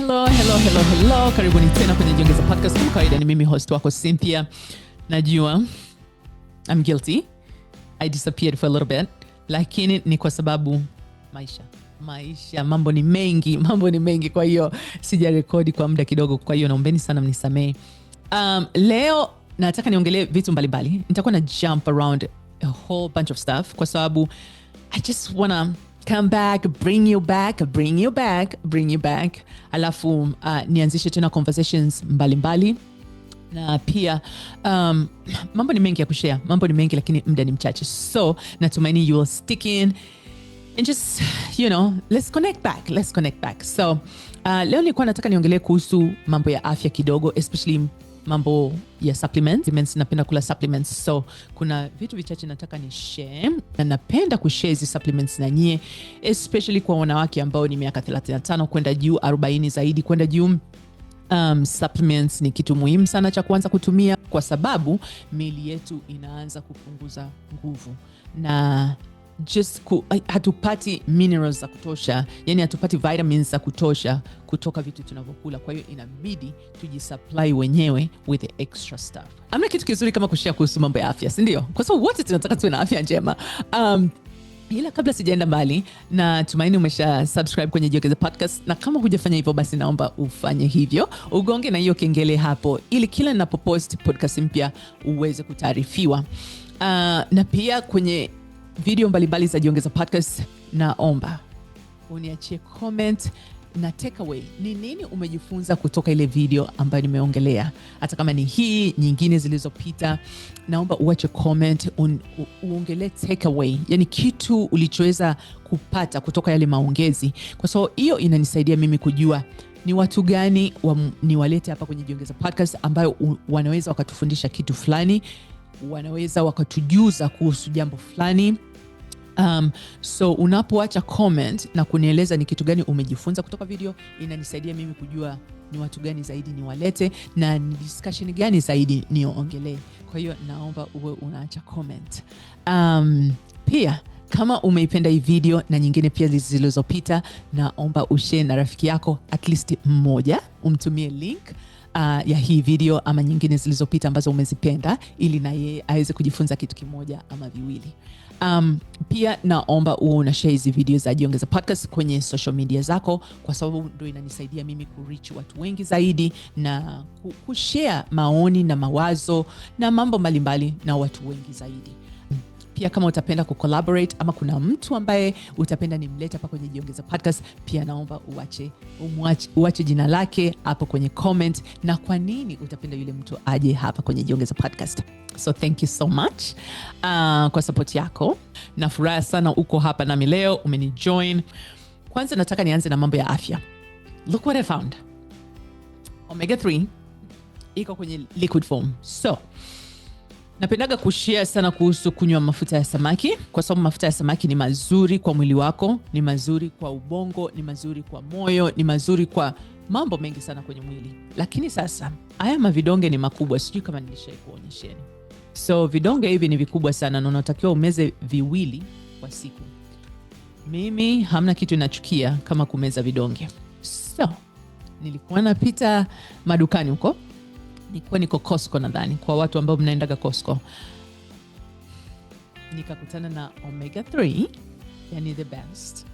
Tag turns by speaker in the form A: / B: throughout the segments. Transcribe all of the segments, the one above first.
A: Hello, Karibuni tena kwenye Jiongeza Podcast. Kama kawaida ni mimi host wako Cynthia. Najua I'm guilty. I disappeared for a little bit. Lakini ni kwa sababu maisha. Maisha, mambo ni mengi, mambo ni mengi kwa hiyo sija sijarekodi kwa muda kidogo, kwa hiyo naombeni sana mnisamee. Um, leo nataka niongelee vitu mbalimbali. Nitakuwa na jump around a whole bunch of stuff kwa sababu I just wanna come back bring you back bring you back bring you back alafu uh, nianzishe tena conversations mbalimbali mbali na pia um, mambo ni mengi ya kushare mambo ni mengi lakini mda ni mchache so natumaini you will stick in and just you know let's connect back let's connect back so uh, leo nilikuwa nataka niongelee kuhusu mambo ya afya kidogo especially mambo ya supplements. Supplements, napenda kula supplements, so kuna vitu vichache nataka ni share na napenda kushare hizi supplements na nyie, especially kwa wanawake ambao ni miaka 35 kwenda juu, 40 zaidi kwenda juu. Um, supplements ni kitu muhimu sana cha kuanza kutumia kwa sababu miili yetu inaanza kupunguza nguvu na just ku, hatupati minerals za kutosha, yani hatupati vitamins za kutosha kutoka vitu tunavyokula. Kwa hiyo inabidi tujisupply wenyewe with the extra stuff. Amna kitu kizuri kama kushia kuhusu mambo ya afya, sindio Kwa sababu wote tunataka tuwe na afya njema um, ila kabla sijaenda mbali, na tumaini umesha subscribe kwenye jiokeza Podcast, na kama hujafanya hivyo, basi naomba ufanye hivyo, ugonge na hiyo kengele hapo, ili kila ninapopost podcast mpya uweze kutaarifiwa. Uh, na pia kwenye video mbalimbali za Jiongeza Podcast, naomba uniachie comment na takeaway ni nini umejifunza kutoka ile video ambayo nimeongelea, hata kama ni hii nyingine zilizopita. Naomba uache comment, uongelee takeaway, yani kitu ulichoweza kupata kutoka yale maongezi, kwa sababu hiyo inanisaidia mimi kujua ni watu gani wa, niwalete hapa kwenye Jiongeza Podcast ambayo wanaweza wakatufundisha kitu fulani wanaweza wakatujuza kuhusu jambo fulani um, so unapoacha comment na kunieleza ni kitu gani umejifunza kutoka video, inanisaidia mimi kujua ni watu gani zaidi niwalete na ni discussion gani zaidi niongelee. Kwa hiyo naomba uwe unaacha comment um, pia kama umeipenda hii video na nyingine pia zilizopita, naomba ushare na rafiki yako at least mmoja, umtumie link uh, ya hii video ama nyingine zilizopita ambazo umezipenda, ili na yeye aweze kujifunza kitu kimoja ama viwili. Um, pia naomba huo una share hizi video za Jiongeza Podcast kwenye social media zako, kwa sababu ndo inanisaidia mimi kureach watu wengi zaidi na kushare maoni na mawazo na mambo mbalimbali na watu wengi zaidi. Pia kama utapenda kucollaborate ama kuna mtu ambaye utapenda nimlete hapa kwenye Jiongeza Podcast, pia naomba uache, uache jina lake hapo kwenye comment na kwa nini utapenda yule mtu aje hapa kwenye Jiongeza Podcast. So thank you so much uh, kwa support yako na furaha sana uko hapa nami leo umenijoin. Kwanza nataka nianze na mambo ya afya. Look what I found. Omega 3 iko kwenye liquid form. So Napendaga kushia sana kuhusu kunywa mafuta ya samaki, kwa sababu mafuta ya samaki ni mazuri kwa mwili wako, ni mazuri kwa ubongo, ni mazuri kwa moyo, ni mazuri kwa mambo mengi sana kwenye mwili. Lakini sasa haya mavidonge ni makubwa, sijui kama nilishai kuonyesheni. So vidonge hivi ni vikubwa sana na unatakiwa umeze viwili kwa siku. Mimi hamna kitu inachukia kama kumeza vidonge, so nilikuwa napita madukani huko nikuwa niko Costco nadhani, kwa watu ambao mnaendaga Costco, nikakutana na omega 3, yani the best,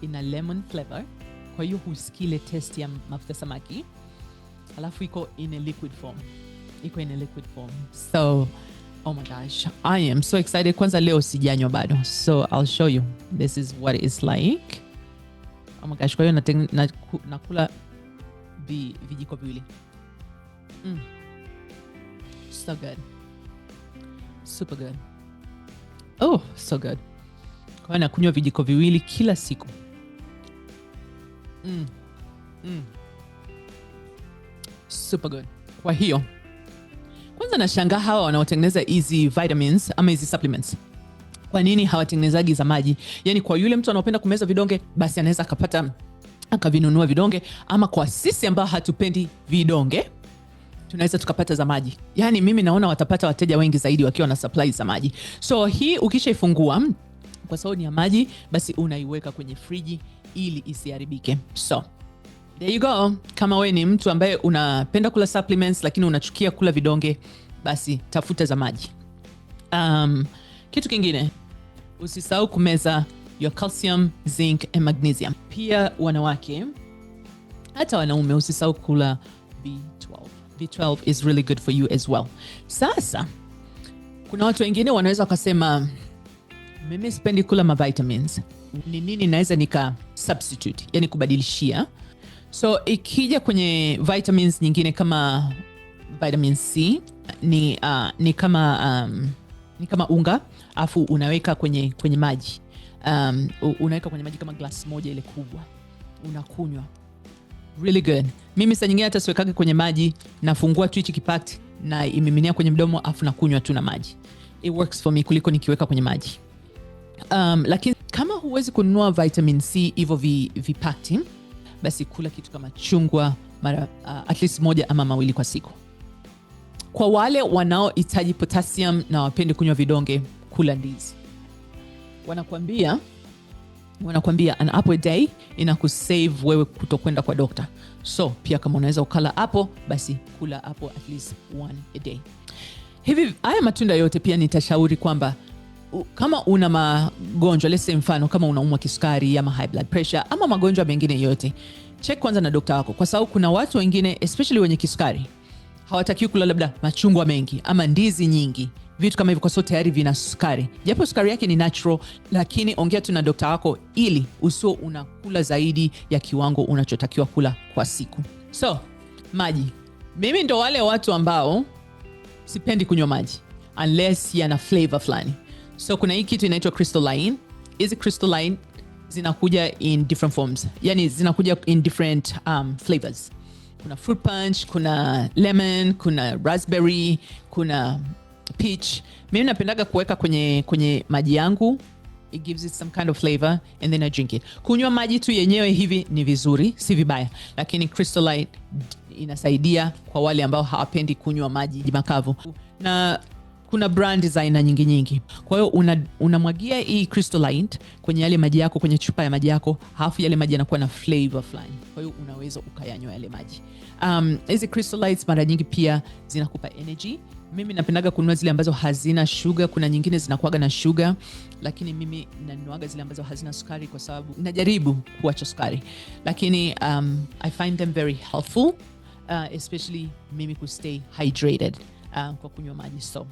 A: ina lemon flavor, kwa hiyo huskile test ya mafuta samaki, alafu iko in a liquid form, iko in a liquid form so Oh my gosh, I am so excited. Kwanza leo sijanywa bado, so I'll show you this is what it's like. Oh my gosh, kwa hiyo nakula vijiko viwili mm. So good. Super good. Oh, so good. Kwa nakunywa vijiko viwili kila siku. Mm. Mm. Super good. Kwa hiyo kwanza nashangaa hawa wanaotengeneza hizi vitamins ama hizi supplements kwa nini hawatengenezaji za maji? Yani kwa yule mtu anaopenda kumeza vidonge, basi anaweza akapata akavinunua vidonge, ama kwa sisi ambao hatupendi vidonge tunaweza tukapata za maji. yani mimi naona watapata wateja wengi zaidi wakiwa na supply za maji. So hii ukishaifungua kwa sababu ni ya maji, basi unaiweka kwenye friji ili isiharibike. So there you go. Kama we ni mtu ambaye unapenda kula supplements lakini unachukia kula vidonge, basi tafuta za maji. Um, kitu kingine usisahau kumeza your calcium, zinc and magnesium. Pia wanawake hata wanaume usisahau kula b B12 is really good for you as well. Sasa kuna watu wengine wanaweza wakasema mimi sipendi kula mavitamins, ni nini naweza nika substitute, yani kubadilishia. So ikija kwenye vitamins nyingine kama vitamin C ni, uh, ni kama um, ni kama unga afu unaweka kwenye, kwenye maji um, unaweka kwenye maji kama glas moja ile kubwa unakunywa really good. Mimi saa nyingine hata siwekage kwenye maji, nafungua tu hichi kipakti na imiminia kwenye mdomo afu nakunywa tu na maji. It works for me kuliko nikiweka kwenye maji. Um, lakini kama huwezi kununua vitamin C hivyo vipakti, basi kula kitu kama chungwa mara uh, at least moja ama mawili kwa siku. Kwa wale wanaohitaji potassium na wapende kunywa vidonge, kula ndizi. Wanakuambia wanakwambia an apple a day ina kusave wewe kutokwenda kwa dokta. So pia kama unaweza ukala apple basi kula apple at least one a day. Hivi haya matunda yote pia nitashauri kwamba kama una magonjwa lese mfano kama unaumwa kisukari ama high blood pressure ama magonjwa mengine yote, chek kwanza na dokta wako, kwa sababu kuna watu wengine especially wenye kisukari hawatakiwi kula labda machungwa mengi ama ndizi nyingi vitu kama hivyo, kwa sababu tayari vina sukari, japo sukari yake ni natural, lakini ongea tu na dokta wako ili usio unakula zaidi ya kiwango unachotakiwa kula kwa siku. So maji, mimi ndo wale watu ambao sipendi kunywa maji unless yana flavor fulani. So kuna hii kitu inaitwa crystalline. Hizi crystalline zinakuja in different forms, yani zinakuja in different um, flavors. Kuna fruit punch, kuna lemon, kuna raspberry, kuna peach mimi napendaga kuweka kwenye kwenye maji yangu it gives it some kind of flavor and then I drink it. Kunywa maji tu yenyewe hivi ni vizuri, si vibaya, lakini Crystolite inasaidia kwa wale ambao hawapendi kunywa maji makavu na kuna brand za aina nyingi nyingi. Kwa hiyo unamwagia una hii crystalline kwenye yale maji yako, kwenye chupa ya maji yako, halafu yale maji yanakuwa na flavor fulani, kwa hiyo unaweza ukayanywa yale maji. Um, hizi um, crystallines mara nyingi pia zinakupa energy. Mimi napendaga kununua zile ambazo hazina shuga. Kuna nyingine zinakuaga na shuga, lakini mimi nanunuaga zile ambazo hazina sukari kwa sababu najaribu kuacha sukari, lakini um, I find them very helpful uh, especially mimi kustay hydrated uh, kwa kunywa maji so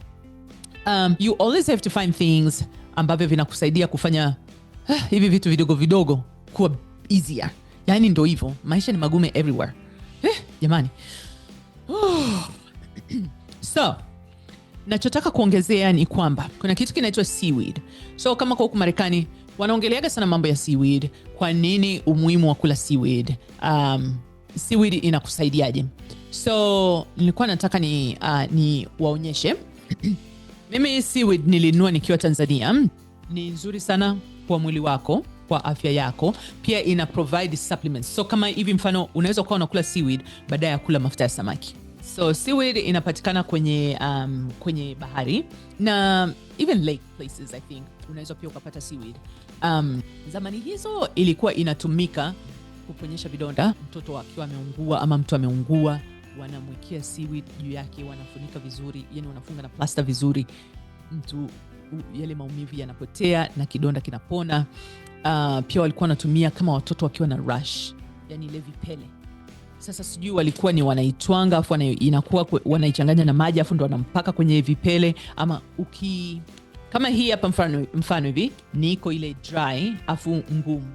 A: um, you always have to find things ambavyo vinakusaidia kufanya uh, hivi vitu vidogo vidogo kuwa easier. yaani ndo hivyo, maisha ni magume everywhere eh, jamani. So nachotaka kuongezea ni kwamba kuna kitu kinaitwa seaweed. So kama kwa huku Marekani wanaongeleaga sana mambo ya seaweed. Kwa nini umuhimu wa kula seaweed? Um, seaweed inakusaidiaje? So nilikuwa nataka ni, uh, ni waonyeshe Mimi seaweed nilinua nikiwa Tanzania. Ni nzuri sana kwa mwili wako, kwa afya yako. Pia ina provide supplements. So kama hivi mfano unaweza kuwa unakula seaweed baada ya kula mafuta ya samaki. So seaweed inapatikana kwenye um, kwenye bahari na even lake places I think unaweza pia ukapata seaweed. Um, zamani hizo ilikuwa inatumika kuponyesha vidonda, mtoto akiwa ameungua ama mtu ameungua wanamwekea seaweed juu yake, wanafunika vizuri, yani wanafunga na plasta vizuri, mtu yale maumivu yanapotea na kidonda kinapona. Uh, pia walikuwa wanatumia kama watoto wakiwa na rash, yani ile vipele sasa sijui walikuwa ni wanaitwanga afu inakuwa wanaichanganya na maji afu ndo wanampaka kwenye vipele, ama uki kama hii hapa mfano hivi, niko ile dry afu ngumu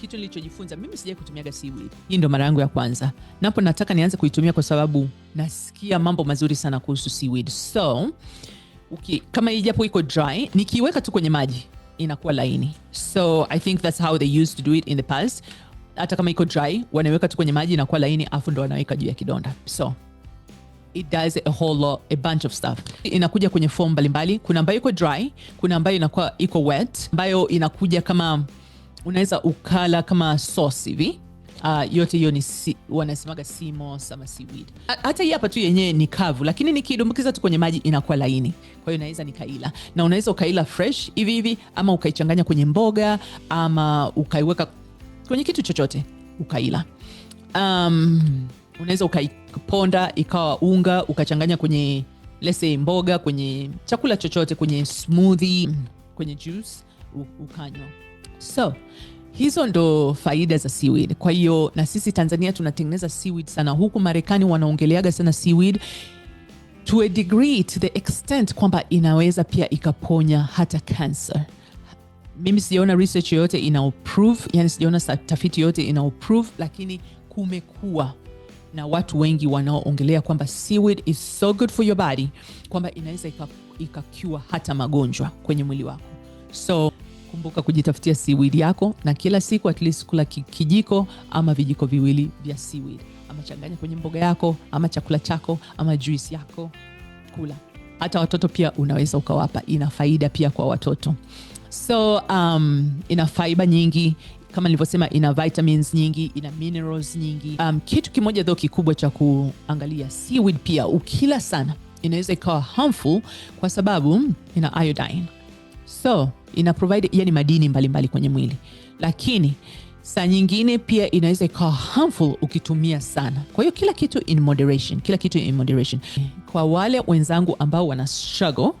A: kitu nilichojifunza mimi, sijai kutumiaga seaweed. Hii ndo mara yangu ya kwanza, napo nataka nianze kuitumia kwa sababu nasikia mambo mazuri sana kuhusu seaweed. So okay, kama ijapo iko dry, nikiweka tu kwenye maji inakuwa laini, so I think that's how they used to do it in the past. Hata kama iko dry, wanaweka tu kwenye maji inakuwa laini, afu ndo wanaweka juu ya kidonda so it does a whole lot, a bunch of stuff. Inakuja kwenye form mbalimbali. Kuna ambayo iko dry, kuna ambayo inakuwa iko wet, ambayo inakuja kama unaweza ukala kama sos hivi. Uh, yote hiyo ni si, wanasemaga simos ama seaweed. Hata hii hapa tu yenyewe ni kavu, lakini nikidumbukiza tu kwenye maji inakuwa laini, kwa hiyo naweza nikaila, na unaweza ukaila fresh hivi hivi, ama ukaichanganya kwenye mboga ama ukaiweka kwenye kitu chochote ukaila. Um, unaweza ukaiponda ikawa unga ukachanganya kwenye lese mboga, kwenye chakula chochote, kwenye smoothie, kwenye juice ukanywa. So hizo ndo faida za seaweed. Kwa hiyo na sisi Tanzania tunatengeneza seaweed sana, huku Marekani wanaongeleaga sana seaweed to a degree, to the extent kwamba inaweza pia ikaponya hata cancer. Mimi sijaona research yoyote inaoprove, yani sijaona tafiti yoyote inaoprove, lakini kumekuwa na watu wengi wanaoongelea kwamba seaweed is so good for your body kwamba inaweza ikakua hata magonjwa kwenye mwili wako so Kumbuka kujitafutia seaweed yako na kila siku at least kula kijiko ama vijiko viwili vya seaweed, ama changanya kwenye mboga yako ama chakula chako ama juisi yako, kula. Hata watoto pia unaweza ukawapa, ina faida pia kwa watoto. So um, ina fiber nyingi kama nilivyosema, ina vitamins nyingi, ina minerals nyingi. Um, kitu kimoja dho kikubwa cha kuangalia, seaweed pia ukila sana inaweza ikawa harmful kwa sababu ina iodine so ina provide yani madini mbalimbali mbali kwenye mwili, lakini saa nyingine pia inaweza ikawa harmful ukitumia sana. Kwa hiyo kila kitu in moderation, kila kitu in moderation. Kwa wale wenzangu ambao wana struggle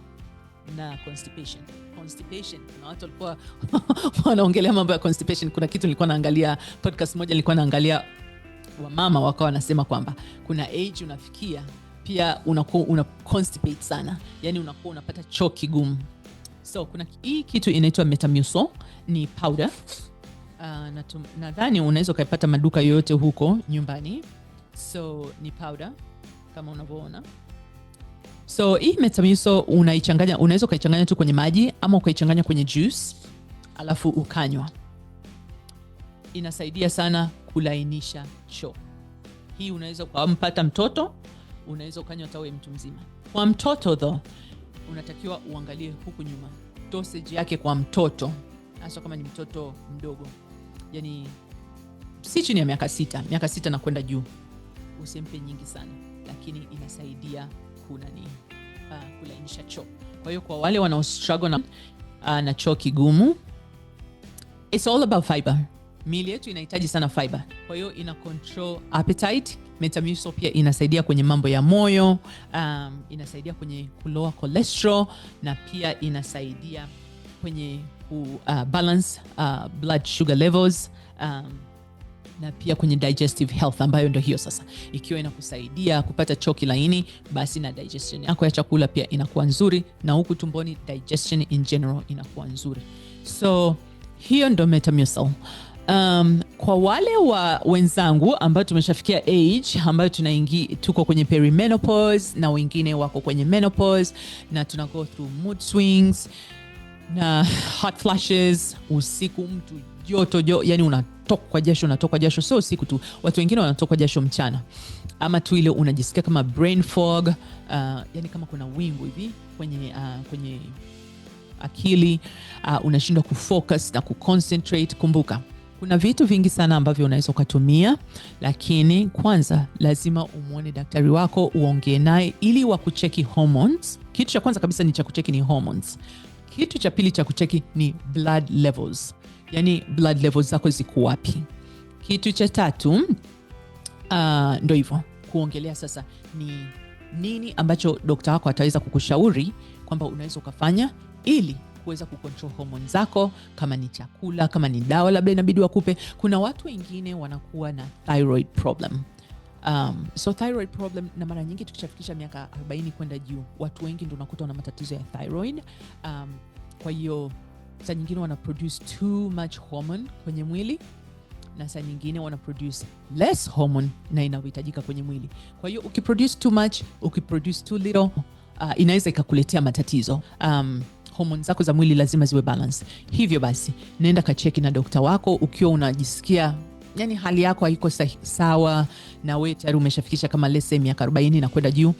A: na constipation constipation, kuna watu walikuwa wanaongelea mambo ya constipation. Kuna kitu nilikuwa naangalia podcast moja, nilikuwa naangalia wamama wakawa wanasema kwamba kuna age unafikia pia unakuwa una constipate sana, yani unakuwa unapata choo kigumu. So kuna hii kitu inaitwa Metamucil ni powder uh, nadhani unaweza ukaipata maduka yoyote huko nyumbani. So ni powder kama unavyoona. So hii Metamucil unaichanganya, unaweza ukaichanganya tu kwenye maji ama ukaichanganya kwenye juice alafu ukanywa. Inasaidia sana kulainisha choo. Hii unaweza ukampata mtoto, unaweza ukanywa tawe mtu mzima. Kwa mtoto though unatakiwa uangalie huku nyuma dosage yake kwa mtoto, hasa kama ni mtoto mdogo, yani si chini ya miaka sita, miaka sita na kwenda juu, usimpe nyingi sana, lakini inasaidia kunani uh, ah, kulainisha choo. Kwa hiyo kwa wale wanaostrago na, uh, na choo kigumu, it's all about fiber. Miili yetu inahitaji sana fiber, kwa hiyo ina control appetite Metamucil pia inasaidia kwenye mambo ya moyo um, inasaidia kwenye kuloa cholesterol na pia inasaidia kwenye ku uh, balance uh, blood sugar levels um, na pia kwenye digestive health ambayo ndo hiyo sasa, ikiwa inakusaidia kupata choki laini, basi na digestion yako ya chakula pia inakuwa nzuri, na huku tumboni digestion in general inakuwa nzuri. So hiyo ndo Metamucil. Um, kwa wale wa wenzangu ambao tumeshafikia age ambayo tunaingi tuko kwenye perimenopause na wengine wako kwenye menopause na tuna go through mood swings na hot flashes usiku, mtu joto jo, yani unatokwa jasho, unatokwa jasho, sio usiku tu, watu wengine wanatokwa jasho mchana, ama tu ile unajisikia kama brain fog uh, yani kama kuna wingu hivi kwenye, uh, kwenye akili uh, unashindwa kufocus na kuconcentrate. Kumbuka kuna vitu vingi sana ambavyo unaweza ukatumia, lakini kwanza lazima umwone daktari wako, uongee naye ili kucheki hormones. Kitu cha kwanza kabisa ni cha kucheki ni hormones. Kitu cha pili cha kucheki ni blood levels, yani blood levels zako ziko wapi. Kitu cha tatu uh, ah, ndo hivyo kuongelea sasa ni nini ambacho dokta wako ataweza kukushauri kwamba unaweza ukafanya ili kuweza kucontrol homon zako, kama ni chakula, kama ni dawa labda inabidi wakupe. Kuna watu wengine wanakuwa na thyroid problem. Um, so thyroid problem, na mara nyingi tukishafikisha miaka 40 kwenda juu, watu wengi ndio unakuta wana matatizo ya thyroid. Um, kwa hiyo saa nyingine wana produce too much hormone kwenye mwili na saa nyingine wana produce less hormone na inayohitajika kwenye mwili. Kwa hiyo ukiproduce too much, ukiproduce too little, uh, inaweza ikakuletea matatizo um, homoni zako za mwili lazima ziwe balance. Hivyo basi nenda kacheki na dokta wako ukiwa unajisikia yani hali yako haiko sawa na wewe tayari umeshafikisha kama lese miaka 40 na kwenda juu.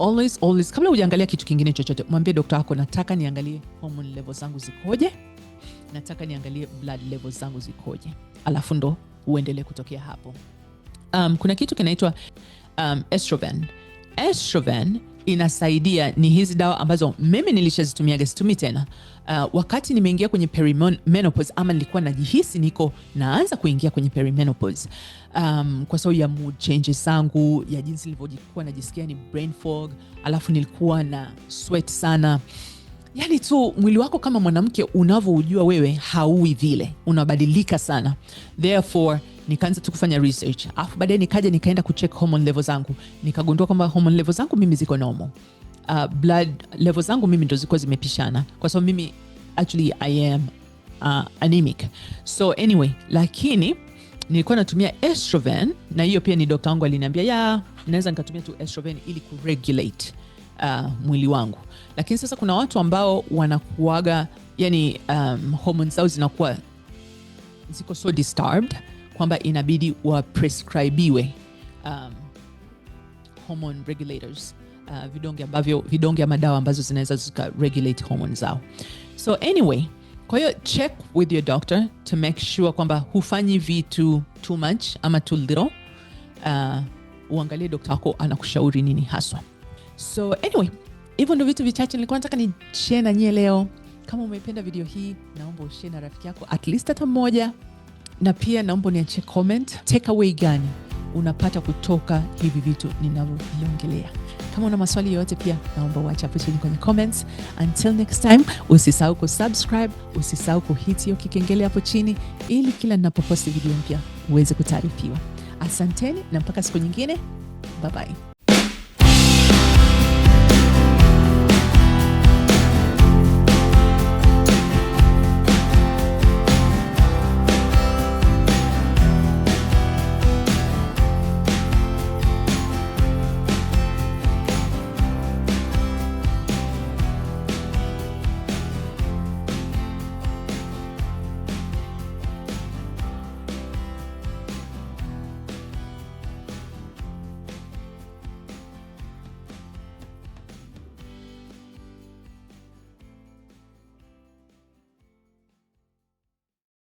A: Always, always, kabla hujaangalia kitu kingine chochote, mwambie dokta wako, nataka niangalie hormone level zangu zikoje, nataka niangalie blood level zangu zikoje, alafu ndo uendelee kutokea hapo. Um, kuna kitu kinaitwa um, estrogen. Estrogen inasaidia ni hizi dawa ambazo mimi nilishazitumiaga, situmii tena. Uh, wakati nimeingia kwenye perimenopause ama nilikuwa najihisi niko naanza kuingia kwenye perimenopause, um, kwa sababu ya mood changes zangu, ya jinsi nilivyokuwa najisikia ni brain fog, alafu nilikuwa na sweat sana yani tu mwili wako kama mwanamke unavyoujua wewe hauwi vile, unabadilika sana. Therefore nikaanza tu kufanya research, alafu baadaye nikaja nikaenda kucheck hormone level zangu, nikagundua kwamba hormone level zangu mimi ziko nomo Uh, blood level zangu mimi ndo zilikuwa zimepishana, kwa sababu mimi actually I am uh, anemic. So anyway, lakini nilikuwa natumia estroven na hiyo pia ni daktari wangu aliniambia, ya naweza nikatumia tu estroven ili kuregulate uh, mwili wangu. Lakini sasa kuna watu ambao wanakuaga yani, um, homon zao zinakuwa ziko so disturbed kwamba inabidi waprescribiwe um, homon regulators uh, vidonge ambavyo vidonge ama dawa ambazo zinaweza zika regulate zao. So anyway, kwa hiyo check with your doctor to make sure kwamba hufanyi vitu too much ama too little. Uh, uangalie dokta wako anakushauri nini haswa. So anyway, hivyo ndio vitu vichache nilikuwa nataka ni share na nyie leo. Kama umependa video hii, naomba ushare na rafiki yako at least hata mmoja, na pia naomba niachie comment takeaway gani unapata kutoka hivi vitu ninavyoviongelea. Kama una maswali yoyote pia naomba uache hapo chini kwenye comments. Until next time, usisahau kusubscribe, usisahau kuhit hiyo kikengele hapo chini ili kila ninapoposti video mpya uweze kutaarifiwa. Asanteni na mpaka siku nyingine, bye bye.